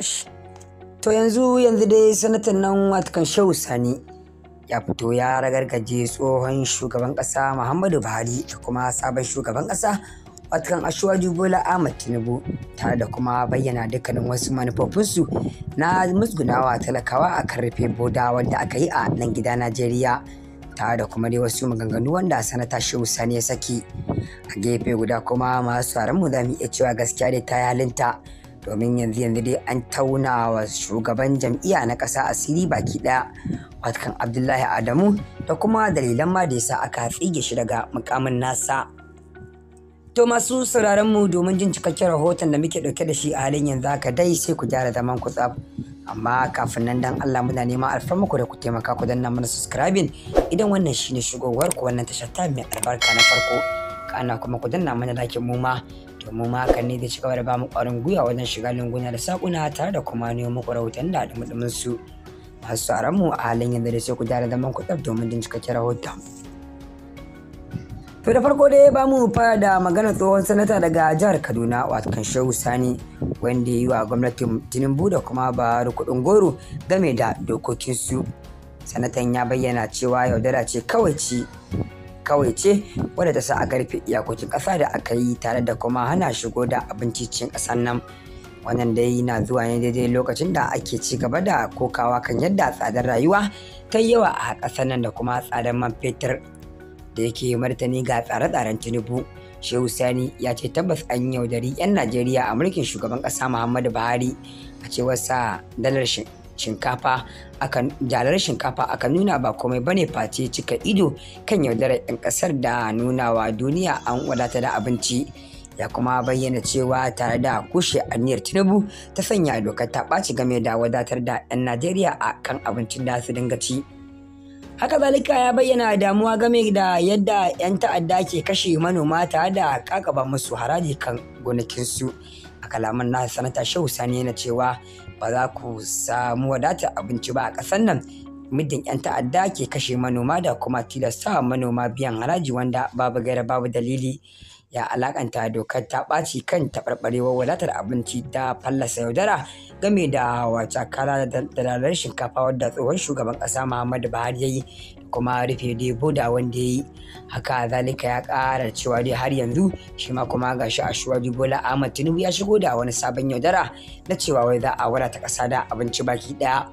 shi to yanzu yanzu dai sanatan nan watakan shehu sani ya fito ya ragargaje tsohon shugaban ƙasa muhammadu buhari da kuma sabon shugaban ƙasa watakan ashwaju bola ahmad tinubu tare da kuma bayyana dukkanin wasu manufofinsu na musgunawa talakawa a kan rufe boda wanda aka yi a nan gida najeriya tare da kuma dai wasu maganganu wanda sanata shehu sani ya saki a gefe guda kuma masu mu za mu iya cewa gaskiya dai ta halinta domin yanzu yanzu dai an tauna wa shugaban jam'iyya na ƙasa asiri baki ɗaya watkan abdullahi adamu da kuma dalilan ma da yasa aka tsige shi daga mukamin nasa to masu sauraron mu domin jin cikakken rahoton da muke ɗauke da shi a halin yanzu haka dai sai ku gyara zaman ku tsab amma kafin nan dan Allah muna nema neman ku da ku taimaka ku danna mana subscribing idan wannan shine shugowar ku wannan tashar ta mai albarka na farko kana kuma ku danna mana lakin mu ma domin ma hakan ne da ci gaba bamu ƙwarin gwiwa wajen shiga lunguna da sakuna tare da kuma neman muku rahoton da dumudumin su masu tsaron mu a halin yanzu da sai ku gyara zaman ku tsaf domin jin cikakken rahoton. To da farko dai ba mu fara da magana tsohon sanata daga jihar Kaduna wato Shehu Sani wanda ya yi wa gwamnatin Tinubu da kuma Buhari kuɗin goro game da dokokin su Sanatan ya bayyana cewa yaudara ce kawai ci kawai ce wadda ta sa a garfe iyakokin ƙasa da aka yi tare da kuma hana shigo da abinci cikin ƙasar nan wannan dai na zuwa ne daidai lokacin da ake ci gaba da kokawa kan yadda tsadar rayuwa ta yawa a ƙasar nan da kuma tsadar man fetur da yake martani ga tsare-tsaren tinubu shehu sani ya ce tabbas an yaudari 'yan najeriya a mulkin shugaban ƙasa muhammadu buhari a cewar sa dalar shinkafa akan jalar shinkafa aka nuna ba komai bane face cika ido kan yaudarar 'yan kasar da nunawa duniya an wadata da abinci ya kuma bayyana cewa tare da kushe aniyar tinubu ta sanya dokar ta ɓaci game da wadatar da 'yan najeriya a kan abincin da su dinga ci haka zalika ya bayyana damuwa game da yadda 'yan ta'adda ke kashe manoma tare da kakaba musu haraji kan gonakinsu kalaman na sanata shehu sani yana cewa ba za ku samu wadatar abinci ba a ƙasar nan muddin 'yan ta'adda ke kashe manoma da kuma tilasta manoma biyan haraji wanda babu gaira babu dalili ya alakanta dokar ta ɓaci kan taɓarɓarewar wadatar abinci ta fallasa yaudara game da wacakara da dalar shinkafa wadda tsohon shugaban ƙasa muhammadu buhari ya yi kuma rufe debo da wanda ya yi haka zalika ya ƙara cewa dai har yanzu shi ma kuma ga shi a shuwaji bola ahmad tinubu ya shigo da wani sabon yaudara na cewa wai za a wadata ƙasa da abinci baki ɗaya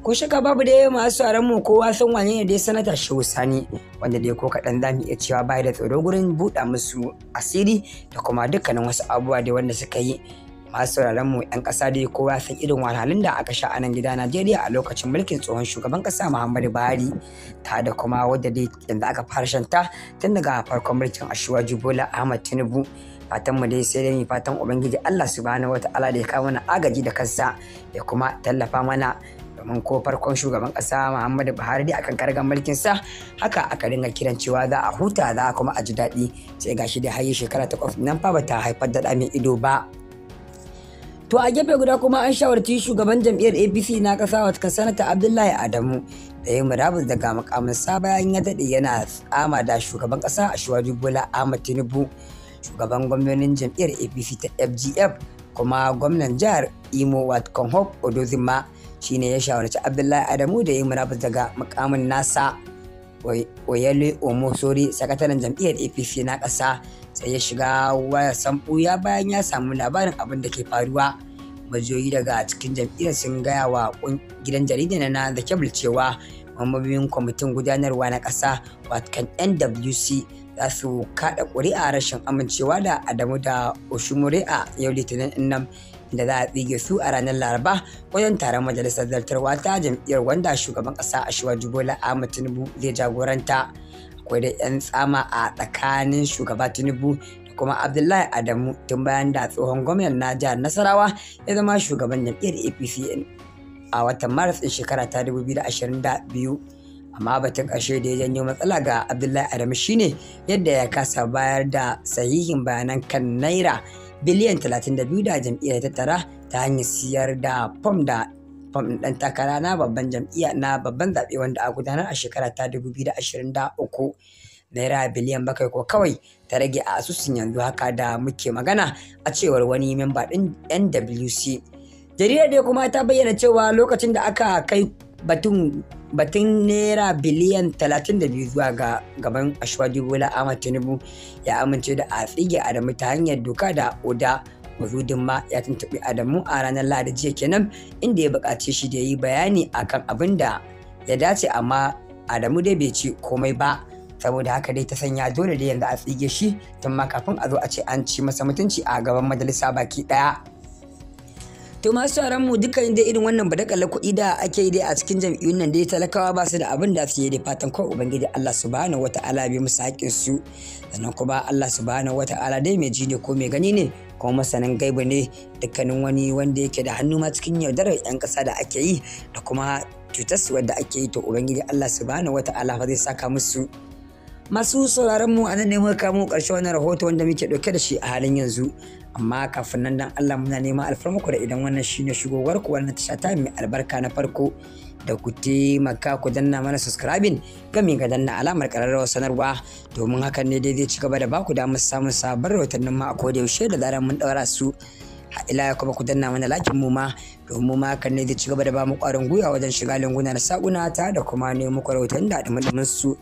Ku shaka babu da masu a mu kowa san wane ne dai sanata Shehu Sani wanda dai ko kaɗan za mu iya cewa bai da tsoro gurin buɗa musu asiri da kuma dukkanin wasu abubuwa da wanda suka yi masu sauraron mu yan kasa dai kowa san irin wahalhalun da aka sha a nan gida Najeriya a lokacin mulkin tsohon shugaban kasa Muhammadu Buhari ta da kuma wadda dai yanzu aka fara shanta tun daga farkon mulkin Ashwaju Bola Ahmad Tinubu fatan mu dai sai dai mu fatan ubangiji Allah subhanahu ta'ala da ya kawo mana agaji da kansa ya kuma tallafa mana domin ko farkon shugaban kasa Muhammadu Buhari dai akan kargan mulkin sa haka aka ringa kiran cewa za a huta za a kuma a ji daɗi sai gashi da hayi shekara takwas nan fa bata haifar da ɗa ido ba. To a gefe guda kuma an shawarci shugaban jam'iyyar APC na ƙasa wata sanata Abdullahi Adamu da ya murabus daga makamansa bayan ya daɗe yana tsama da shugaban kasa a Shuwaju Bola Ahmad Tinubu. Shugaban gwamnonin jam'iyyar APC ta FGF kuma gwamnan jihar Imo Watcon Hope Odozima shine ya shawarci abdullahi adamu da ya murabus daga mukamin nasa oyele omosori sakataren jam'iyyar apc na ƙasa sai ya shiga wayar ya bayan ya samu labarin abin da ke faruwa majiyoyi daga cikin jam'iyyar sun gaya wa gidan jaridar na the cable cewa mamabin kwamitin gudanarwa na ƙasa watkan nwc za su kaɗa ƙuri'a rashin amincewa da adamu da oshumure a yau litinin nan da za a tsige su a ranar laraba wajen taron majalisar zartarwa ta jam'iyyar wanda shugaban ƙasa shiwa jubola ahmad tinubu zai jagoranta akwai da 'yan tsama a tsakanin shugaba tinubu da kuma abdullahi adamu tun bayan da tsohon gwamnan na jihar nasarawa ya zama shugaban jam'iyyar apc a watan maris din shekara ta 2022 amma batun ƙarshe da ya janyo matsala ga abdullahi adamu shine yadda ya kasa bayar da sahihin bayanan kan naira biliyan 32 da jam'iyyar ta tara ta hanyar siyar da fom da fom ɗan takara na babban jam'iyya na babban zaɓe wanda a gudanar a shekara ta 2023 naira biliyan bakwai ko kawai ta rage a asusun yanzu haka da muke magana a cewar wani memba ɗin nwc jaridar da kuma ta bayyana cewa lokacin da aka kai batun naira biliyan 32 zuwa ga gaban ashwadi bola ahmad tinubu ya amince da a tsige adamu ta hanyar doka da oda mazudin ma ya tuntuɓi adamu a ranar ladi jiya kenan inda ya buƙaci shi da yi bayani akan abin da ya dace amma adamu dai bai ce komai ba saboda haka dai ta sanya dole da yanzu a tsige shi tun ma kafin a zo a ce an ci masa mutunci a gaban majalisa baki ɗaya. to masu tsaron mu dukkan dai irin wannan kalla kuɗi da ake dai a cikin jam'iyyun nan dai talakawa ba su da abin da su yi da fatan kawai ubangiji Allah subhanahu wata'ala bai musu haƙƙin su sannan kuma Allah subhanahu wata'ala dai mai ji ne ko mai gani ne kuma masanin gaiba ne dukkanin wani wanda yake da hannu ma cikin yaudarar 'yan ƙasa da ake yi da kuma cutar wadda ake yi to ubangiji Allah subhanahu wata'ala fa zai saka musu masu sauraron mu anan ne muka kamo ƙarshe wannan rahoto wanda muke ɗauke da shi a halin yanzu amma kafin nan dan Allah muna neman alfarmako da idan wannan shine shigowar ku wannan tasha ta mai albarka na farko da ku taimaka ku danna mana subscribing gami ga danna alamar ƙararrawar sanarwa domin hakan ne dai zai ci gaba da ba baku damar samun sabon rahotannin ma a koda yaushe da zarar mun daura su ila ya kuma ku danna mana lakin mu ma domin ma hakan ne zai ci gaba da ba mu ƙwarin gwiwa wajen shiga lunguna da saƙuna ta da kuma nemo rahoton da su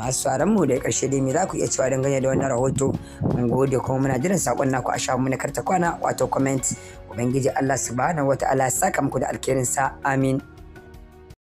masu tsaron mu da ƙarshe dai me za ku iya cewa dangane da wannan rahoto mun gode kuma muna jiran saƙon naku a shafin mu na karta kwana wato comment ubangiji Allah subhanahu ta'ala ya saka muku da sa amin